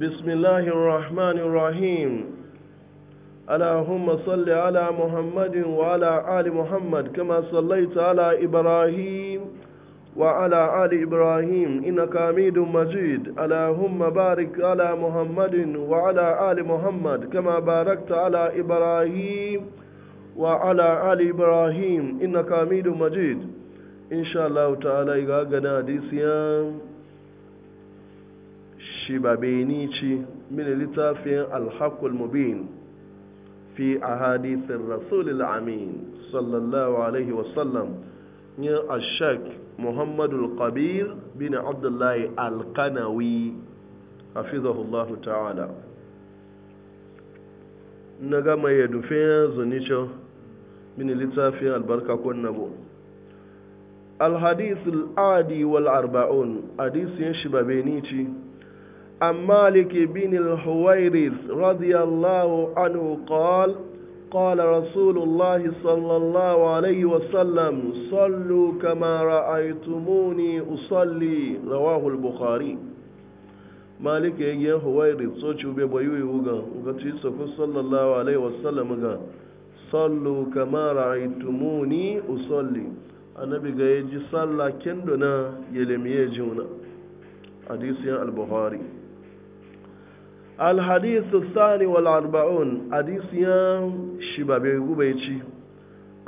بسم الله الرحمن الرحيم اللهم صل على محمد وعلى آل محمد كما صليت على إبراهيم وعلى آل إبراهيم إنك حميد مجيد اللهم بارك على محمد وعلى آل محمد كما باركت على إبراهيم وعلى آل إبراهيم إنك حميد مجيد إن شاء الله تعالى إذا قنا ديسيان shi ba bayani ci min littafin alhaqul mubin fi ahadisin rasulil amin sallallahu alaihi wasallam ya ashak Muhammadu kabir bin abdullahi alkanawi hafizahullahu ta'ala na gama ya dufe zunicin min littafin albarka kun nabo الحديث wal arba'un hadisin shi ba عن مالك بن الحويرث رضي الله عنه قال قال رسول الله صلى الله عليه وسلم صلوا كما رأيتموني أصلي رواه البخاري مالك يجي حويرث سوچو بيبويوي وغا وغتي سوكو صلى الله عليه وسلم غا صلوا كما رأيتموني أصلي annabi ga ya ji sallah kendo na yelemiye juna hadisiyan al الحديث الثاني والأربعون حديث يام شباب يقبيتي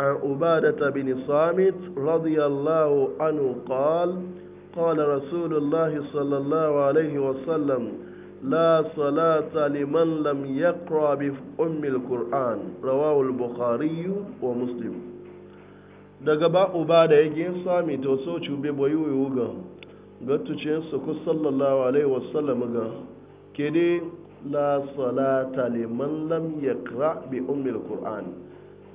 عن عبادة بن صامت رضي الله عنه قال قال رسول الله صلى الله عليه وسلم لا صلاة لمن لم يقرأ بأم القرآن رواه البخاري ومسلم daga ba uba da yake sami to so cube boyu yuga ga tuce su ku sallallahu alaihi wasallam ga kene la salata liman lam yaqra bi ummi alquran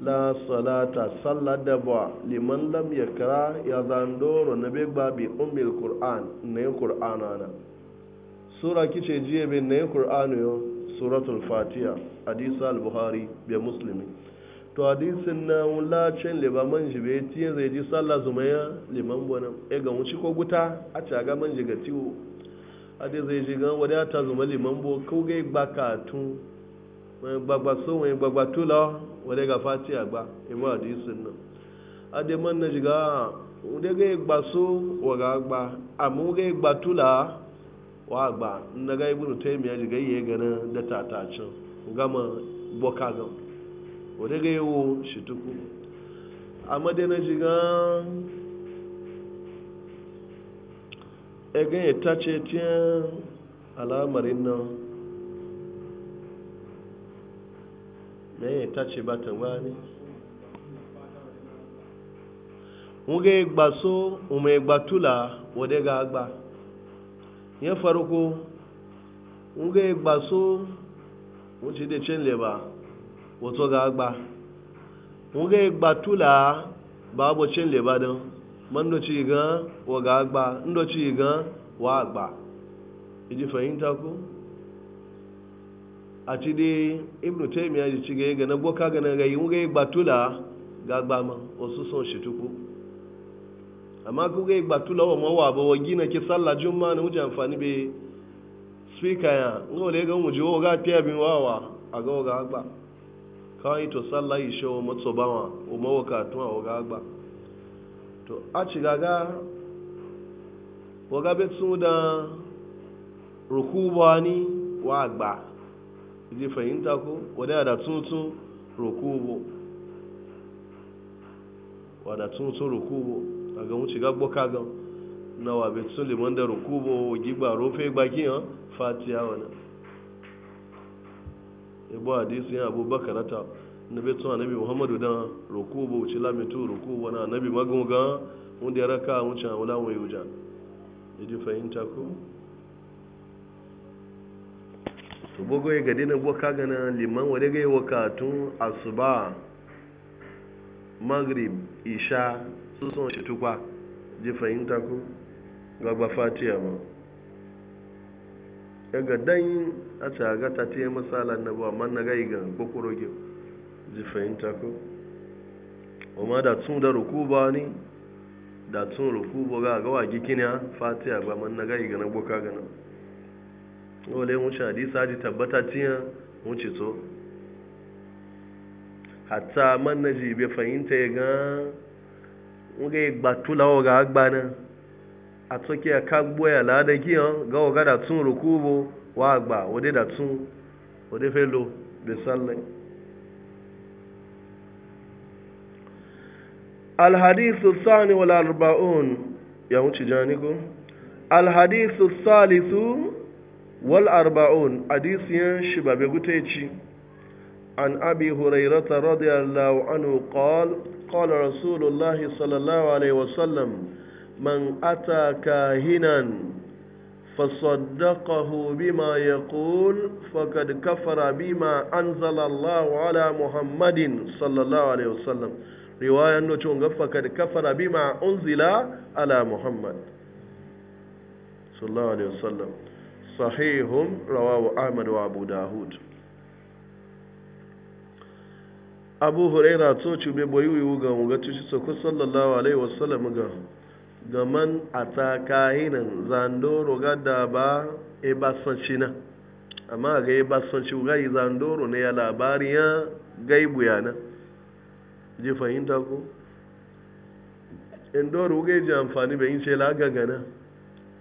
la salata sallada ba liman lam yaqra ya zandoro na be gba bi ummi alquran ne qur'ana na sura kice jiye be ne qur'an yo suratul fatiha hadis al buhari be muslimi to hadisin na wulacin man shi be tiye zai ji sallah zumaya liman bonan e ga wuci ko guta a caga man ga tiwo ade zai ji wadda ta zuma liman bo ko gai gbaka tun wani gbagba so wani gbagba a wadda ga fati agba imu ade na jiga wadda gai gba wa ga gba. amma gai gba tula wa agba na ga ibnu taymiya jiga yi gana da Nga gama boka gan wo egan ya tace tiyan alamarin nan na ya tace ba ta wani wuge gbaso ume gbatula wade ga agba ya farko wuge gbaso wuce da cin leba wato ga agba wuge gbatula babu cin leba don ma doci ga wa ga agba ndoci ga wa agba iji fahimta ku a ci dai ibnu taymiya ji ci ga ga na boka ga na ga yi ga ga agba ma wasu son shi amma ku ga gbatula wa mawa abụọ gina ki sallah juma na wuce amfani be speaker ya ngole ga mu ji wa ga tiya bin wawa a ga wa ga agba kawai to sallah yi shawo matsobawa wa mawaka tun a ga agba to a ci gaga waga betsu da rukuba ni wa gba ji fahimta ko wadda da tuntun rukubu wadda tuntun rukubo a ga wuce gagbo kagan na wa betsu liman da wagi gigba rufe gbaki yan fatiya wani ebe a yan abubakar ta na betun anabi muhammadu dan roku bo ci lamitu roku wani anabi magunga wanda ya raka wuce a wula wani wujan ji fahimta ko to bogo ya gadi na boka gana liman wadda ga yi wakatun asuba maghrib isha sun son shi tukwa ji fahimta ko gaba fatiya ma ya ga dan a ta ga ta te misalan na buwa man na ga yi ga kokoro ji fahimta ko amma da tun da rukuba ni da tun rukuba ga gawa gikina fatiha ba man na gai gana boka gana wale mun sha hadisa ji tabbata tiya mun ci to hatta man na ji be fahimta ya ga mun ga gbatula o ga agbana a tsoke ya kagbo ya lada ga o ga da tun rukubo wa agba wode da tun wode fe lo sallai alhadisu sani wal arba'un ya wuce jani ko salisu wal arba'un hadisiyan shi babe gutaici an abi hurairata radiyallahu anhu qal qala rasulullahi sallallahu alaihi wasallam man ata kahinan فصدقه بما يقول فقد كفر بما أنزل الله على محمد صلى الله عليه وسلم riwayan no chon gafa kad kafara bi ma unzila ala muhammad sallallahu alaihi wasallam sahihun rawahu ahmad wa abu dahud abu huraira to boyi boyuyu ga mu ga tushi sako sallallahu alaihi wasallam ga ga man ataka hinan zandoro ga da ba e ba sancina amma ga e ba sanci ga zandoro ne ya labariya gaibu yana ji fahimta ko in doro ga ji amfani bayin ce laga gana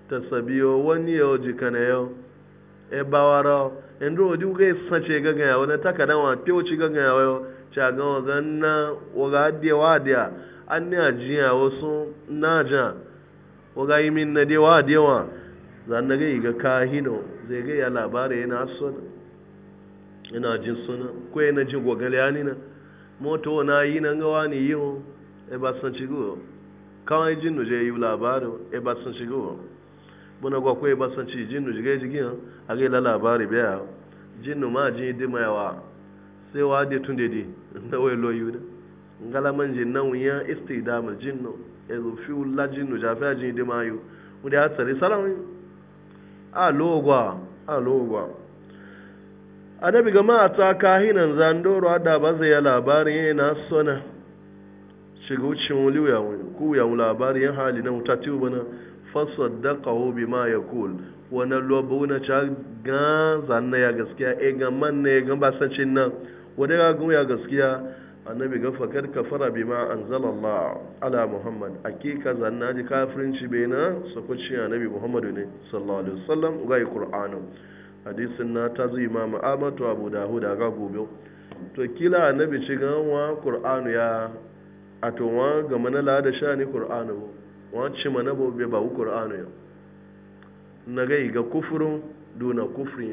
ta sabiyo wani yau jika na yau e bawara in doro ji ga sace gaga ya wani takadan wa pyoci gaga ya yau ca ga wagan na waga adiya wa adiya an ne ajiya wasu na ja waga yi min na dewa adiya wa zan na ga yi ga kahino zai ga ya labarai yana suna ina jin suna ko yana jin gwagaliyani na moto na yi na ngawa ni yi ho e ba san ci go kawai jin je yi labaru e ba san ci go buna gwa ko e ba san ci jin je ji gina a ga labari be ya jin ma jin de mayawa sai wa de tunde di na wai lo yi ngala man na nan wiya istidamul e jin no e zo fi ulla jin no ja fa jin de mayu mu da tsare salamu a logwa a logwa annabi ga ta kahinan zandoro da ba zai labarin yana eh, sona shiga wucin wuliya ku ya labarin yan eh, hali na wuta tiyo bana ma ya kul wani lobo na ca ganza na ya gaskiya e ga man ya ga basancin nan wanda ga gun ya gaskiya annabi ga fakar ka fara ma an zala anzalallah ala muhammad a ke ka zanna ji kafirinci bai na sakuci annabi muhammadu ne sallallahu alaihi wasallam ga qur'anin hadisin na ta zuwa imamu amatu abu dahuda ga gobe to kila annabi ci ganwa qur'anu ya to wa ga mana la sha shani qur'anu wa ci mana bobe ba Kur'anu ya na ga ga kufurin duna kufurin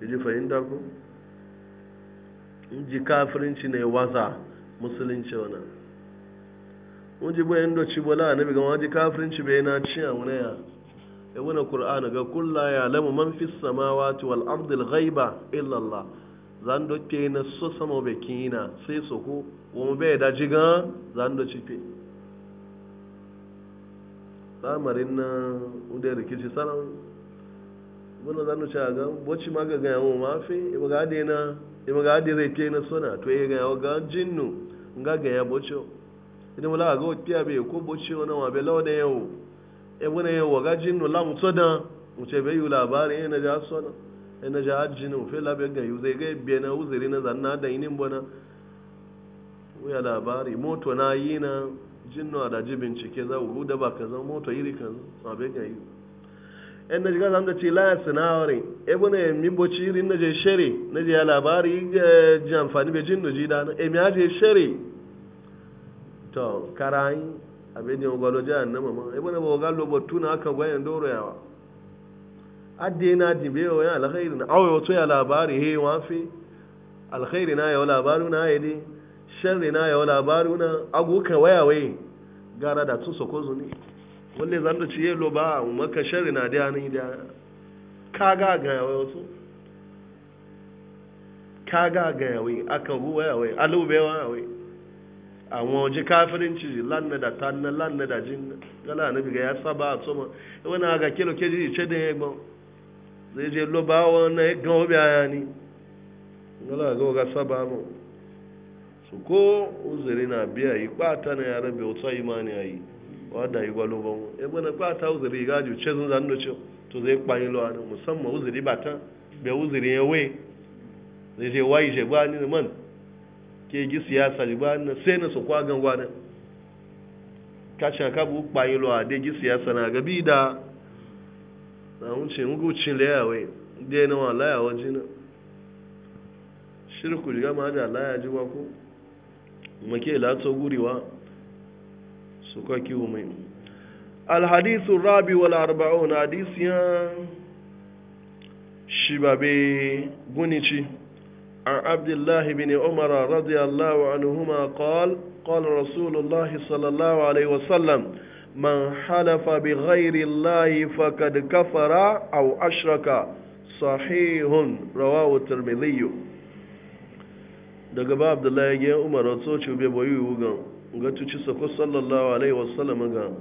ya ji fahimta ko ji kafirinci ne waza, musulunci wani. mun ji bayan da ci bola annabi ga wa ji kafirinci bai na ci a wani ya ya wuna qur'ana ga kulla ya lamu man fi samawati wal al ghaiba allah zan do ke na so samo be kina sai so ko wo be da jiga zan do cipe samarin na unde rikici salam wuna zan do cha ga boci maga ga yawo mafi iba e ga de na iba e ga de ke na sona to e ga yawo ga jinnu nga ga ya bocho idan wala ga o tiya be ko boci na wa be lawa da yawo ebune ya waga jinnu la mutso da ce bai yi labarin yana ja so na yana ja ajini mu fela bai ga yuzai ga biya na uzuri na zanna da yinin bona wuya labari moto na yi na jinnu a daji bincike za ku da ba kaza moto iri kaza ma bai ga yi yan na jiga zan da ce laya sinawari ebune ya mi boci irin na je shere na je ya labari e, ji amfani bai jinnu ji da na emi ya je shere to karayin abin yin gwalo jihar na mamman ibi na bawa gwalo batu na aka gwayan doro yawa adde na dibe wa ya alkhairi na awo wato ya labari he wa fi alkhairi na ya labaru na ya ne sharri na ya labaru na aguka waya waye gara da tun soko zuni Wani zan da ciye lo ba maka shari na da ni da kaga ga ya wato kaga ga ya wai aka bu waya wai alubewa wai àwọn oje kafirinci ji lanna da tanna lanna da jinna gala na ya saba a tsoma wani aga kilo keji iche da ya gbọn zai je ya gan obi aya ni ga saba mu su ko na biya yi kwata na yaran bai otu imani a yi wadda yi ebe na kwata uzuri ga ji ce zun zan doce to musamman ba ya wayi je ke gi siyasa ba na sai na su kwagan gwanin kashin kabu kpayin lo a gi siyasa na gabi da na wuce ngucin layawai dai na wa layawa jina shirku riga ma da laya ji wa ko make lato su kwa kiwo mai alhadisu rabi wal arba'un hadisiyan shibabe gunici عن عبد الله بن عمر رضي الله عنهما قال قال رسول الله صلى الله عليه وسلم من حلف بغير الله فقد كفر أو أشرك صحيح رواه الترمذي daga ba abdullahi ya umar wato ci bai bayu yiwu ga ga sako sallallahu alaihi wasallam ga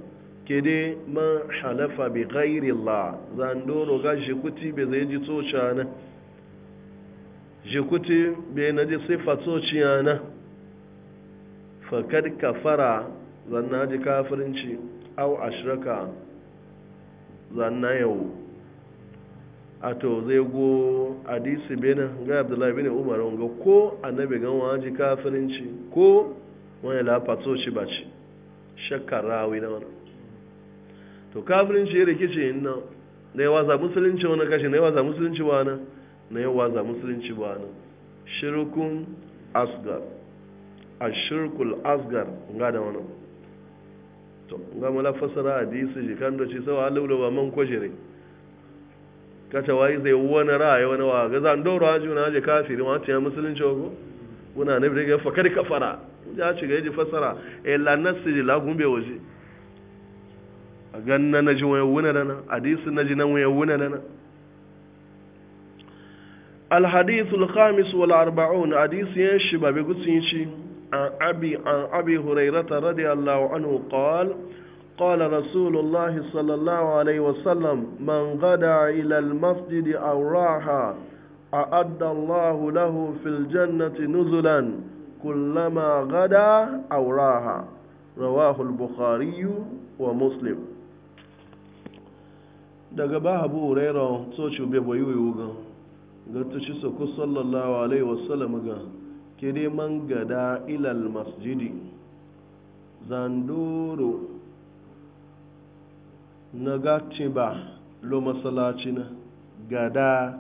ke dai man halafa bi ghairi Allah zan doro gashi kuti bai zai ji tsoca na jikuti bai na ji sifato ciyana fakad kafara zanna ji kafirinci au ashiraka zanna yau a to zai go hadisi bena ga abdullahi bin umar ga ko annabi gan ji kafirinci ko wani lafato ci ba ci shakkar rawi na wani to kafirinci ya rikici nan na ya waza musulunci wani kashi na ya waza musulunci wani na yawa za musulunci ba nan shirkun asgar a shirkul asgar nga da wani to nga mala fasara hadisi shi kan doci sawa laulawa man kwajire kata wayi zai wani ra'ayi wani wa ga zan doro haji wani haji kafiri wani tiyan musulunci ko wuna na bi daga fakar kafara ya ci ga yaji fasara e lanasi ji lagun bai waje a gan na ji wani wuna na hadisi na ji na wani wuna na. الحديث الخامس والأربعون حديث ينشب بقسينشي عن أبي, عن أبي هريرة رضي الله عنه قال قال رسول الله صلى الله عليه وسلم من غدا إلى المسجد أو راح أعد الله له في الجنة نزلا كلما غدا أو راح رواه البخاري ومسلم daga ba abu hurairah so ci bai bayu yugan gata su ku sallallahu alaihi wasallam ga kere man gada ilal masjidi zandoro na gati ba lo masalaci na gada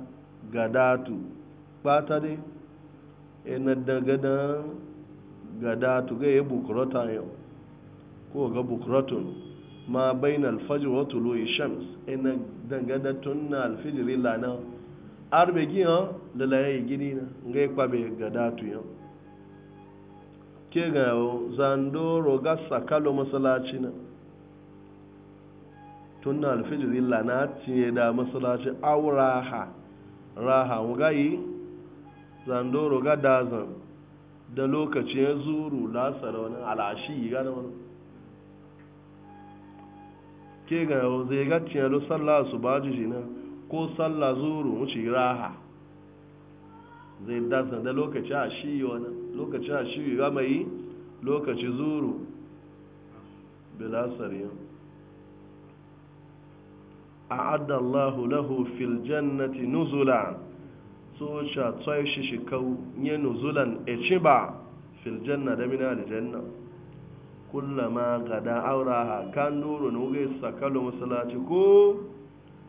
gadatu bata dai ina e da gada gadatu ga ya bukurata yau ko ga bukuratun ma bainal fajr wa tulu shams ina e da gada na alfijri lana arbe gi han lalaye gini na ngai kwabe ga datu yan ke ga zando roga sakalo masalaci na tun na alfijir illa na cinye da masalaci auraha raha ngayi zando roga dazan da lokaci ya zuru lasara wani alashi ga da wani ke ga zai ga cinye lo sallah su baji na ko sallah zuru wuce raha zai dasa da lokaci a shi wani lokaci a shi ga mai lokaci zuru bilasar yau a'adda Allahu lahu fil jannati nuzula so cha shi shi kawo nye nuzulan e ci ba fil janna da mina da janna kullama gada ha kan nuru nuge sakalo musalaci ko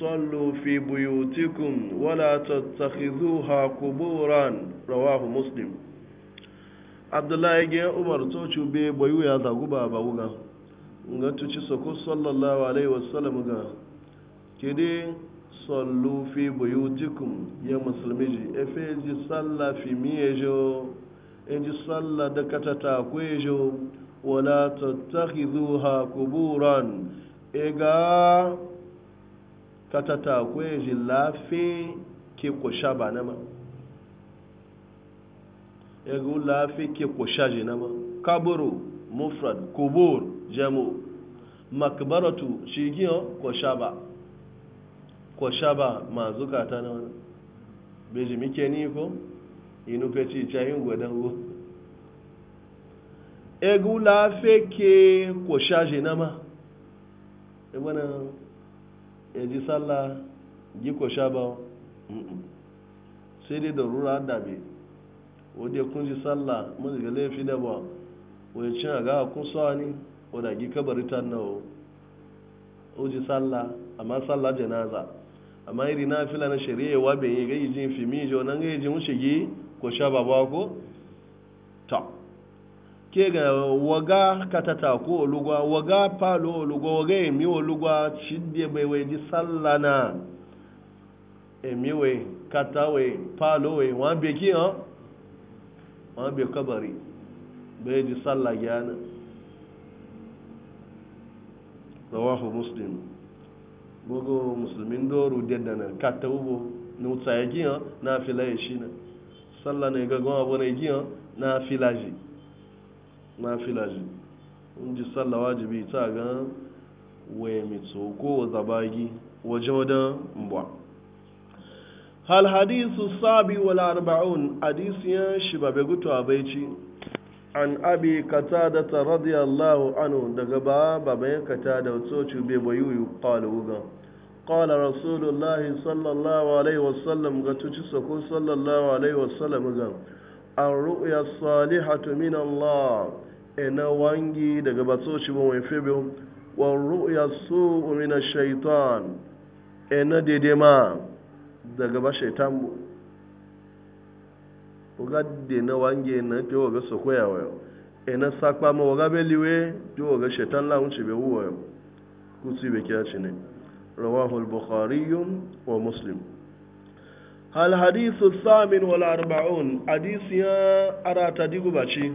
صلوا في بيوتكم ولا تتخذوها قبورا رواه مسلم عبد الله يجي عمر توچو بي بيو يا زغو بابا وغا nga tuci soko sallallahu alaihi wasallam ga kede sallu fi buyutikum ya musulmi ji efe ji salla fi miyejo e ji salla da katata kwejo wala tattakhidhuha quburan e ga katata kwe ji lafi ke kwasha ba nama yagu lafi ke kwasha ji nama kaburu mufrad kubur jamu makbaratu shi giyo kwasha ba kwasha ba ma zukata na wani beji mike ni ko inu peci cayin gwadon go egu lafi ke kwasha ji nama na. yaji sallah giko shaba sai dai da rura dabe wadda kun ji sallah mun ga laifi da ba wadda cin a ga kun sawa ne wadda gi kabari ta nawa o ji sallah amma sallah janaza amma iri na fila na shari'a wa bai yi ga yi jin fimi jo nan ga yi jin wuce gi ko shaba ba ke waga katata ko olugwa waga palo olugwa waga emi olugwa chidie bewe ji sallana emiwe katawe palowe wọn be kí hàn wọn be kabari bẹẹ ji salla gyana rawahu muslim gbogbo musulmin doru dedana kata ugbo na utsa ya gị na afila ya shi na salla na igagon abu na gị na filaji in ji sallah wajibi ta gan waye mito ko zabagi waje wadan mba hal hadisu sabi wal arba'un ya shi babe gutu abaici an abi katada ta radiyallahu anhu daga ba babayen katada wato cube bayuyu qala ugan قال رسول الله sallallahu alaihi عليه وسلم قد تجسكو صلى الله عليه وسلم arru'ya salihatu min Allah ina wangi daga batsoci ba mai fi biyu wa ru'ya su'u min shaitan ina daidai ma daga ba shaitan wangi na ke wa ga su ina sakwa ma wa ga beliwe ke wa ga shaitan la unci be wuwa ku ci be kiyaci ne rawahul bukhari wa muslim الحديث الثامن والأربعون حديث يا أرى تدقوا بشي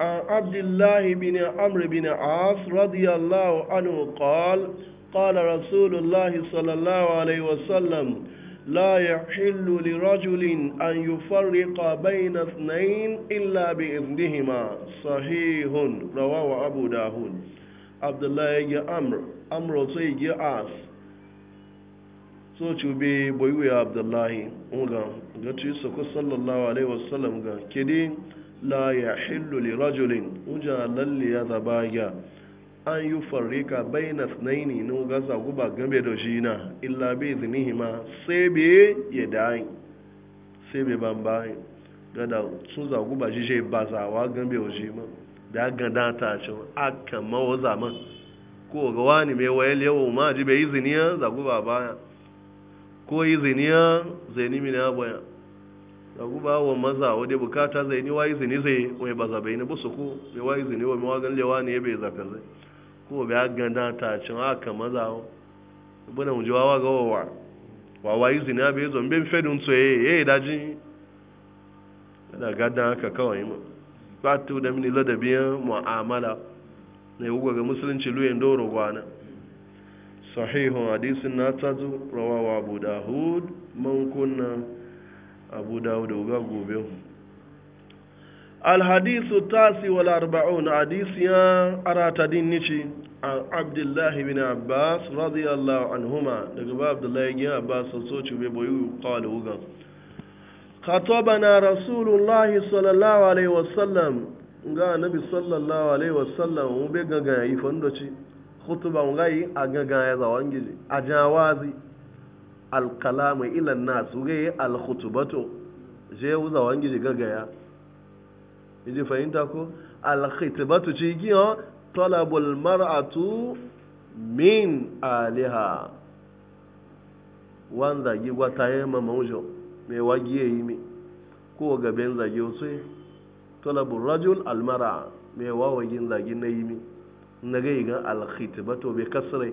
عن عبد الله بن عمرو بن عاص رضي الله عنه قال قال رسول الله صلى الله عليه وسلم لا يحل لرجل أن يفرق بين اثنين إلا بإذنهما صحيح رواه أبو داود عبد الله يا عمرو عمرو سيجي عاص so cube bayu ya abdullahi unga ga ci sako sallallahu alaihi wasallam ga kedi la ya hillu li rajulin uja lalli ya zabaga an yi farrika bai na tsanaini na gasa guba game da shi na illa bai zini ma sai bai ya dayi sai bai ban bayi gada sun zagu ba shi shai bazawa game da shi ma da gada ta ci aka mawa zaman ko ga wani mai wayar yawo ma ji bai yi zini ya zagu ba baya ko yi ziniya zaini mini abaya da guba wa maza wadda bukata zaini wayi zini zai wai ba zabe ne busu ko bai wayi zini wa mawagan lewa ne bai zaka zai ko bai ganda ta cin haka maza wa bana mu jiwa ga wawa wa wayi zini bai zo mbin fedun tsoye yayi daji da gada haka kawai ma ba tu da mini ladabiyan mu'amala ne wuga ga musulunci luyen doro gwana sahihun hadisin na tazo rawawa abu dawud man kunna abu dawud ga gobe الحديث التاسع والأربعون حديث يا أراتدين عن عبد الله بن عباس رضي الله عنهما لقب عبد الله بن عباس صوت بيبوي قال خطبنا رسول الله صلى الله عليه وسلم قال النبي صلى الله عليه وسلم وبيغا يفندشي khutuba ngai agaga ya zawangiji ajawazi alkalamu ila nas ngai alkhutubatu je uza wangiji gagaya Iji fahimta ko alkhutubatu ci giyo talabul mar'atu min aliha wanda gi gwata ya mamaujo me wagiye yi mi ko gaben zage wasu talabul rajul almara me wawagin zage na yi mi na gai gan alkhitbatu bai kasrai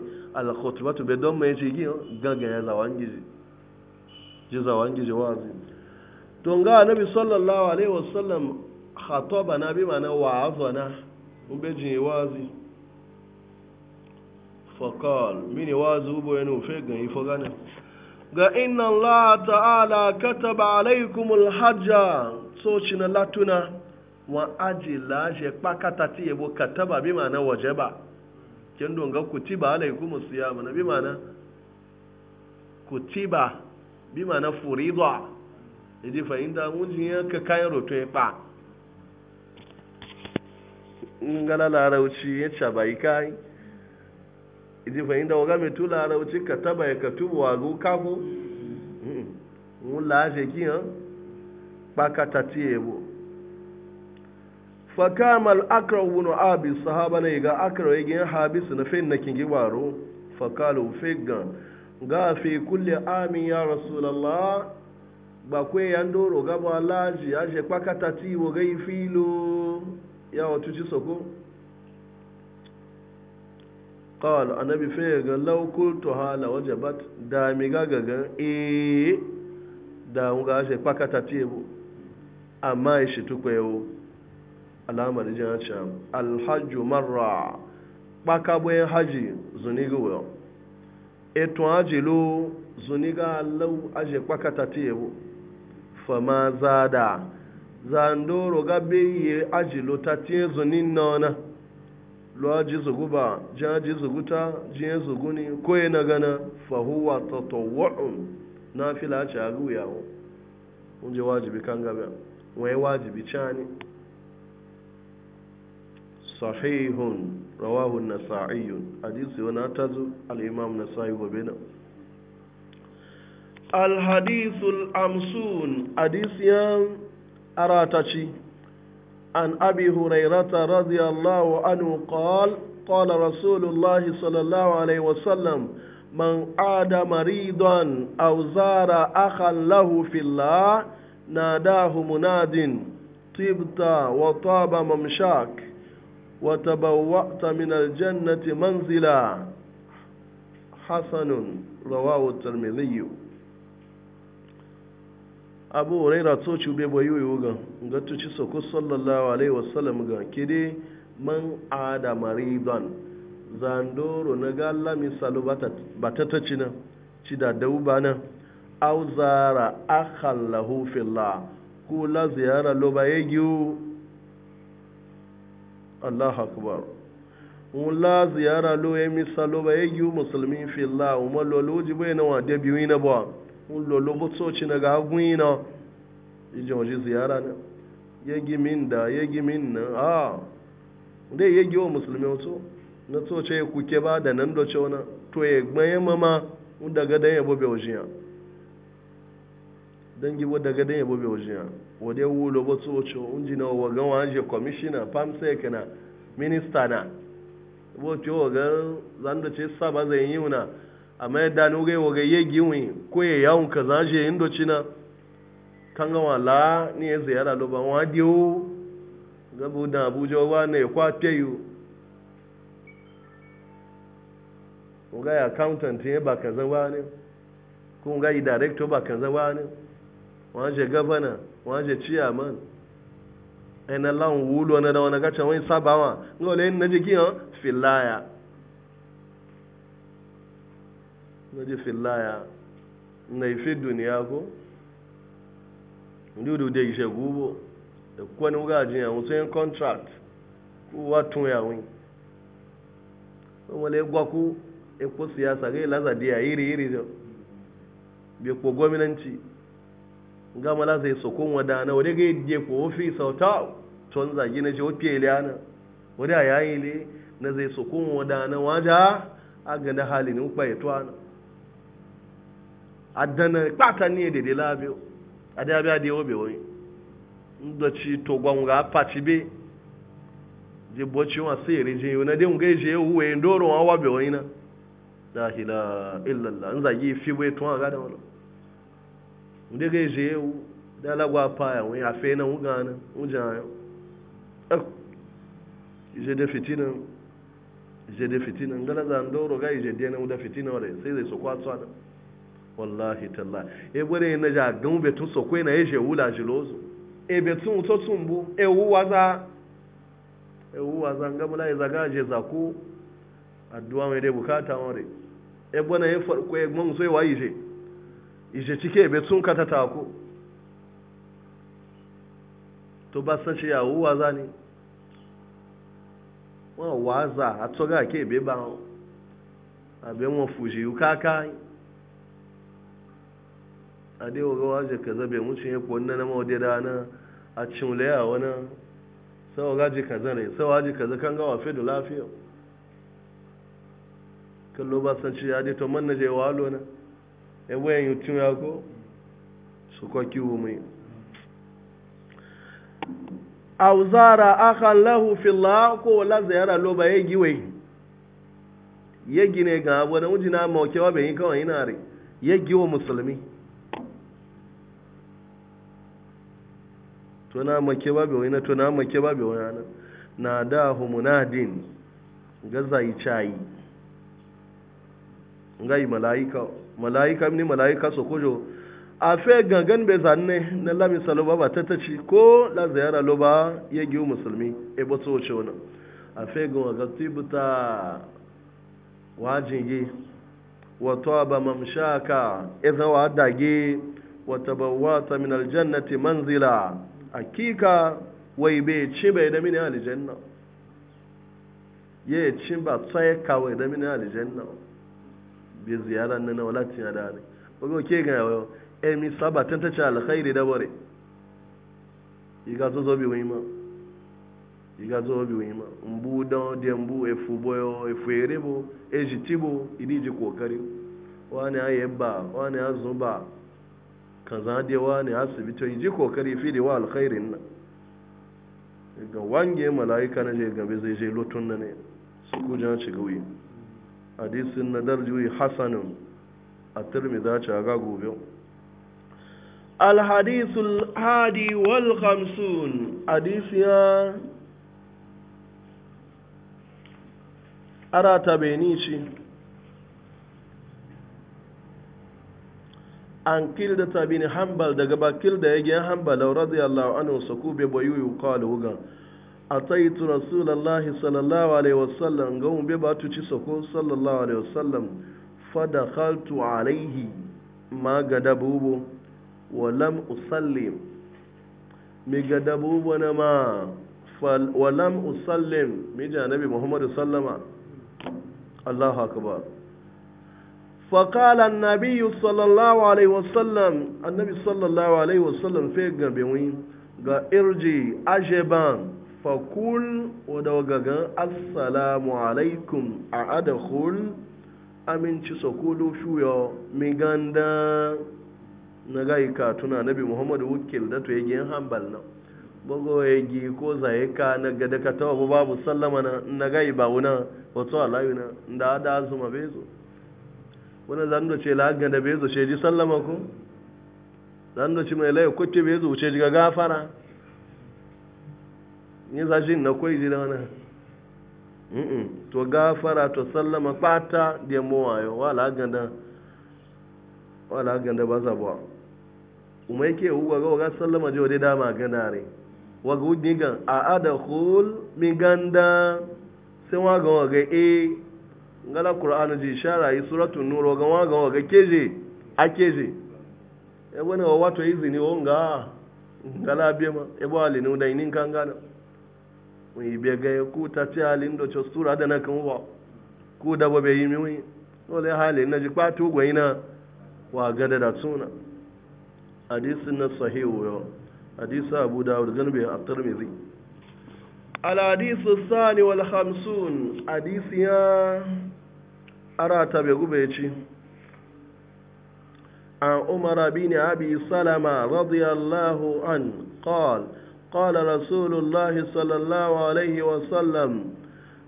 bato bai don mai ce oh, gina gangan ya zawon gizi ji zawon gizi wazi don ga nabi sallallahu alaihi wasallam ba na bi mana wa'azana un bai jin wazi fakal mini wazi ubo ya nufe gan yi fogana ga inna allah ta'ala kataba alaikumul hajja so cina na latuna wọn aji laje kpakata ti yabo kataba bi mana waje ba kin don ga kutiba alaikum siyam na bi mana kutiba bi mana furida idi fa inda mun jin ka kayan roto pa ngala larauci ya cabai kai idi fa inda waga mai tula larauci kataba ya katubu wa go kago mun laje kiyan kpakata ti yabo fakama al'akrawu bunu abi sahaba ne ga akrawu ya gina habi su nufi na kingi waro fakalu fegan ga fi kulle amin ya rasulallah ba kwe ya ndoro gabo alaji ya je kwakata ti wo ga ifilo ya wato ci soko qala annabi fe ga law kuntu hala wajabat da mi ga gaga e da mu ga je kwakata ti ebo amma ishi tukwe o alamar jinacin alhaji marra ɓakaɓoyin haji zuniga wuyo eto ajilu zuniga lau aje ɓakata ta yabo fama zada zandoro gabe iye ajilu lo ta tiye na nona lo aji zugu ba jin aji zugu ta jin zugu ne koyi na gana fahuwa ta tawwa'un na fila ce a guyawo kun wajibi kan gabe wai wajibi cani sahihun rawahun nasa'iyun hadisi wani tazo al'imam nasa'i alhadisul amsun hadisiyan arataci an abi hurairata radiyallahu anhu qal قال رسول الله صلى الله man وسلم من عاد مريضا أو زار أخا له في الله ناداه مناد طبت وتبوأت من الجنة منزلا حسن رواه الترمذي abu huraira to ci be boyu yuga ga tuci soko sallallahu alaihi wasallam ga kide man ada maridan zandoro na galla misalu bata ta ci da dauba na aw zara akhan lahu fillah ko la ziyara lo ba yegiu allah akbar wula ziyara lo ya misalo ba ya giwu musulmi filla umma lolo ji bai na wa da biyu na ba lolo butsoci na gagun na ijin waje ziyara na ya gi min da ya gi min na aa dai ya giwu musulmi wato na tsoce ya kuke ba da nan doce wani to ya gbaye mama daga ya bobe wajiya dan gibo daga dan ya wode wulo bo tsocho unji na waga wanje commissioner pam sek na minister na bo ti waga zando ce saba zai yi una amma yadda ni waga waga yegi wi ko ya yawun ka zanje indo cina kan ga wala ni ya ziyara lo ba wa diyo gabu da abuja wa ne kwa teyu waga accountant ne ba kaza wa ne ko ga director ba kaza wa ne waje gabana waje ciyaman ai a lan wulo na da wani gacha wani sabawa ngole na jiki ha filaya na ji filaya na fi duniya ko ndudu da ishe gubo da kwani wuga jiya mutu contract ko watun yawin wọ́n lè gwaku ekpo siyasa ga ilaza diya iri iri jo gọ́mìnà ń gwamnanci gama la zai sokon wadana wadda ga yadda ko fi sauta ton zagi na jiwo peliyana wadda ya yi ne na zai sokon wadana waja a ganda hali ne ya tuwa adana kpata ni dede labi ade abi ade obe oyin ndo to gwamga nga be je bochi wa sere la ilaha yi fi ndị ga-eji ewu dalagwa paya wani afe na ije da fitina ije da fitina ngana za ndoro ga ije da na da fitina wala sai zai so kwatsa na wallahi talla e gwere na ja gan be so na eje wula jilozo e be to tun e e wu waza ngamula e zaga je zaku addu'a mai dai bukata wani e bona e farko e gwan so yi ije ishe cike bai tun ka ta tako to ba san shi yawo waza ne wọn waza a tsoga ke bai ba A abin wọn fushi yi kaka a dai waga waje ka zabe mucin ya kuwa na mawadai rana a cin ya wani sau gaji kaza ne sau gaji kaza zakan gawa fi lafiya kallo ba san shi ya dai to man na je walo na ewe yutin yako sokwaki umri aw zara akhan lahu fillah ko la ziyara lo ba yegi wei yegi ne ga abu da mujina ma ke wa bai kawai ina re yegi wa musulmi to na ma ke ba bai wani to na ma ke ba bai wani na da humunadin ga zai chai ngai malaika mala'ika ni mala'ika su kujo a fe gangan bai zanne na lami saloba ba ta tace ko la ziyara loba ya giyu musulmi e ba so ce wannan a fe gawa ga tibuta wajin yi wa ba mamshaka idan e wa dage wa tabawata min aljannati manzila akika wai bai ci bai da mini aljanna ye ci ba tsaye kawai da mini aljanna bi ziyara nan wala walatin ya dare ko ke ga yo e mi saba tan ta cha alkhairi da bare iga zo zo bi wani ma iga zo bi wani ma mbu da de mbu e fuboyo e fuerebo e jitibo idi ji kokari wani ayeba wani azuba kaza de wani asibito ji kokari fi de wa alkhairin nan ga wange mala'ika na je gabe zai je lotun da ne su kujan shiga wuyi hadisin na darjuri hasanin a turmida ce ga gobe alhadisul hadi wal khamsun hadisiya arata benici an kilda ta tabini hambal daga bakil da ya gyan hambal radiyallahu anhu su kube bayu yuqalu gan أتيت رسول الله صلى الله عليه وسلم قوم ببا تشيسكو صلى الله عليه وسلم فدخلت عليه ما قدبوبو ولم أسلم مقدبوبو نما ولم أسلم مجا نبي محمد صلى الله عليه وسلم الله أكبر فقال النبي صلى الله عليه وسلم النبي صلى الله عليه وسلم في قبوين قال ارجي أجبان fakul wadda gagan assalamu alaikum a adakul aminci sakulu shuyo ganda na gai katuna nabi muhammadu wukil da to ya gin hambal na bago ya gi ko zaye ka na gada ka tawa babu sallama na na gai ba wuna wato alayu na da da azuma bezo wani zando ce la ganda bezo ce ji sallama ko zando ce mai laye kwace bezo ce ji ga gafara ni za shi na kwai jira wani to gafara to sallama fata da mawayo wala ganda wala ganda ba za ba umai ke wuga ga waga sallama je wadai dama gana re waga wudi ga a ada hul mi ganda sai waga waga e ngala qur'anu ji shara yi suratu nur waga waga waga keje a keje e wani wa wato izini wonga ngala bema e bo alinu da inin kan gana wani bai ga ku ta ce halin da ce sura da na kan wa ku da ba bai yi miwi dole hali na ji kwato gwai na wa gada da suna hadisin na sahihu yau hadisa abu dawud gan bai a tarmizi al hadisu sani wal hamsun hadisi ya arata bai gube ci an Umar بن أبي salama radiyallahu الله عنه قال رسول الله صلى الله عليه وسلم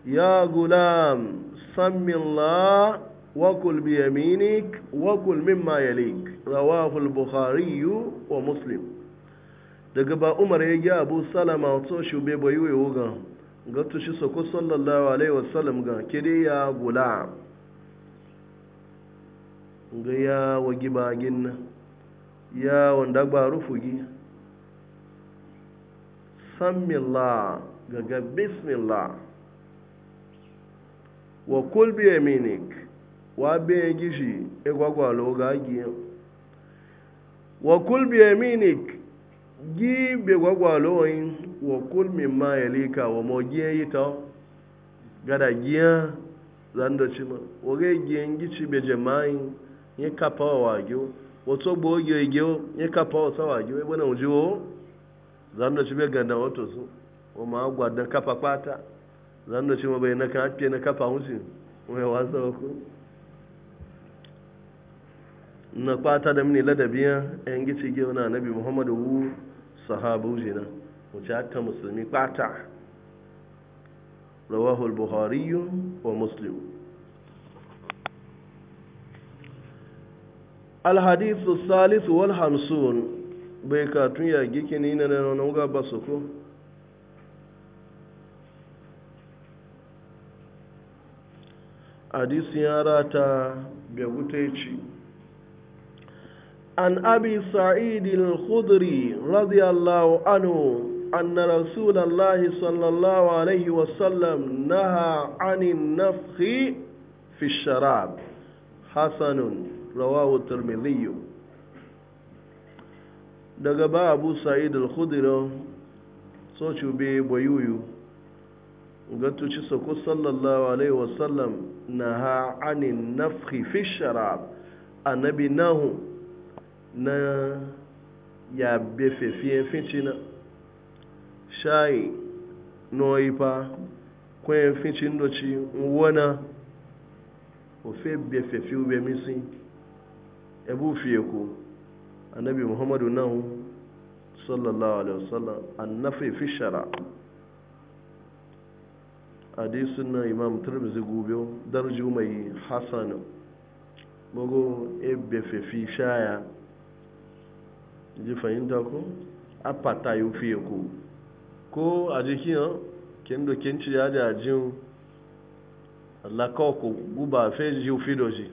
يا غلام سم الله وكل بيمينك وكل مما يليك رواه البخاري ومسلم daga ba umar ya gya abu salama wato shube bai yi wuga ga shi sako sallallahu alaihi wasallam ga kiri ya gula ga ya wagi bagin ya wanda ba sammillah gaga bismillah wa kul bi yaminik gishi e ga gi wa kul bi gwagwalo yin wa kul mimma yalika wa mogiye yita gada giya zando chima wa ga giyen gici be wato zanna shi bai ganda wato su o ma gwadan kafa kwata zanna shi ma bai na kan ake na kafa wuce. Wai wasa ku na kwata da mini ladabiya yan gici gewa na nabi muhammadu wu sahabu jina wuce hatta musulmi kwata rawahu al-bukhari wa muslim الحديث الثالث والخمسون bai katun ya gike ni na na na ga ba soko hadisi ya rata bai ci. an abi sa'id al-khudri radiyallahu anhu أن رسول الله صلى الله عليه وسلم نهى عن النفخ في الشراب daga ba abu sa'id al-khudri so cube bayuyu ga ci sako sallallahu alaihi wasallam na ha anin nafhi fi sharab annabi nahu na ya befe fiye fincina shayi noipa kwen fincin doci wana ofe befe fiye misi ebu fiye ku. annabi muhammadu nan sallallahu alaihi wasallam annafi fi shara hadisun na imam turmizi gobe darju mai hassan mago ebe fefi shaya ji fahimta ku a fata yi fiye ku ko a jiki yan kendo kenci ya da jin alaka ko guba fe ji fi doji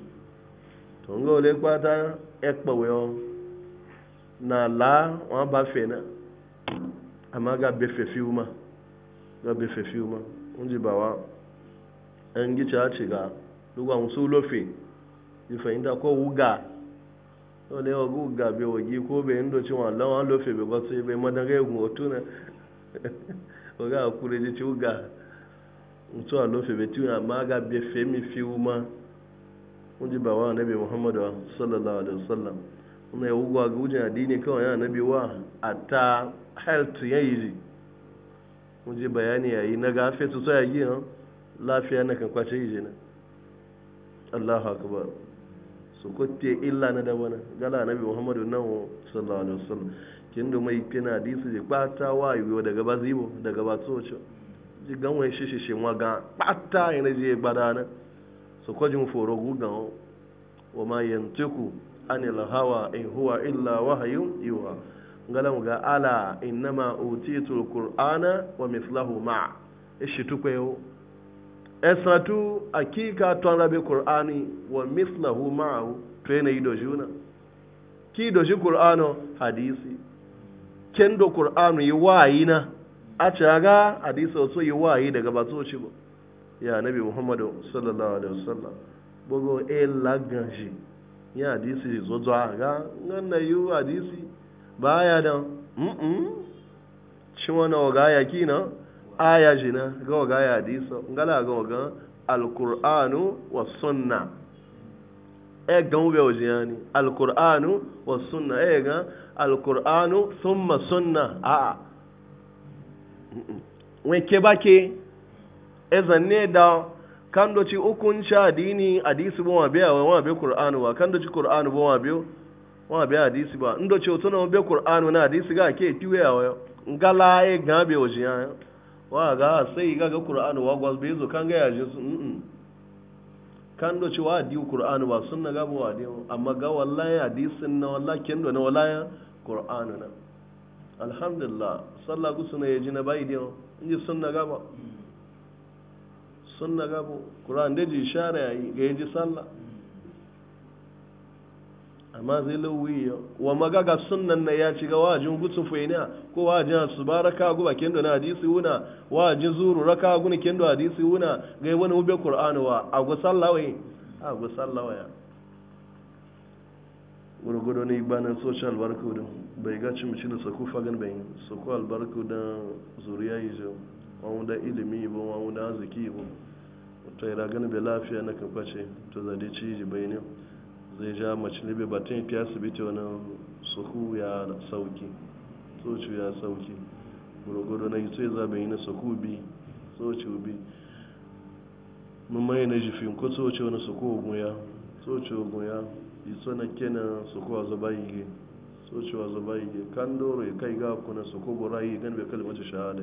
to n ga ole kwata ekpawe na laa wọn ba fe na amma ga be fe fiu ma ga be fe fiu ma unji ba wa gi cha chi ga lugwa musu lo fe yi fa inda ko wuga to le wa wuga be wagi ko be ndo ci wa lawan lo fe be ko sai be madan ga gun otu na o ga kure ji ci wuga mutu a lo fe be ti amma ga be fe mi fiu ma unji ba wa nabi muhammadu sallallahu alaihi wasallam na ya wugwa ga wujin kawai yana nabi ata a ya yi ji bayani ya yi na gafe su ya yi yan lafiya na kan kwace na allahu akbar su kwace illa na da gala anabi muhammadu nan sallallahu alaihi wasallam kin da mai kina disu je kwata wa daga ba daga ba ji ganwai shishishin wa ga kwata yana je gbadana su kwajin foro gugan wa ma anil hawa in huwa illa wahayun yuha ngalam ga ala innama utitul qur'ana wa mithlahu ma ishi tukweyo esatu akika twarabe qur'ani wa mithlahu ma'ahu twene ido juna ki do shi qur'ano hadisi kendo qur'anu yi wayina a caga hadisi wasu yi daga bazo shi ya nabi muhammadu sallallahu alaihi wasallam bogo e lagan shi ya hadisi zozo ga nan na yi hadisi ba ya da mm ci wani waga ya ki na aya ji na ga oga ya hadisa ngala ga waga alkur'anu wa sunna e ga mu ya ni yani alkur'anu wa sunna e ga alkur'anu thumma sunna a a wen ke ba ke e zanne da kan doci ukun sha dini hadisi bo ma biya wa be qur'anu wa kan doci qur'anu bo wa biyo wa biya hadisi ba ndo ce to na qur'anu na hadisi ga ke tiwe ya wa ngala e ga be o jiya wa ga sai ga ga qur'anu wa gwas be zo kan ga ya jisu mm kan doci wa di qur'anu ba sunna ga bo wa di amma ga wallahi hadisin na wallahi kendo na wallahi qur'anu na alhamdulillah sallah gusuna yaji na bai di inji sunna ga ba sunna gabo Kuran da ji share ya yi ga yaji sallah amma zai lauwi ya wa magaga sunnan na ya ci ga wajin gutsu faina ko wajin su ba raka guba kendo na hadisi wuna wajin zuru raka guni kendo hadisi wuna ga wani ube qur'anu wa a go sallah wai a go sallah waya gurgudu ne bana social barku bai ga cin mishi da sakufa gan bai saku albarku da zuriya yi jau wani da ilimi ba wani da arziki ba ta yi ragani bai lafiya na kan kwace ta zade ciji bai ne zai ja mace bai ba ya yi fiya asibiti wani suku ya sauki tsoci ya sauki gwargwado na yi ya zaba yi na suku bi tsoci bi mun na jifin ko tsoci wani suku ogunya tsoci ogunya ya iso na kenan suku a zuba yi tsoci a zuba yi kan doro ya kai ga kuna suku bora yi gan bai kalmata shahada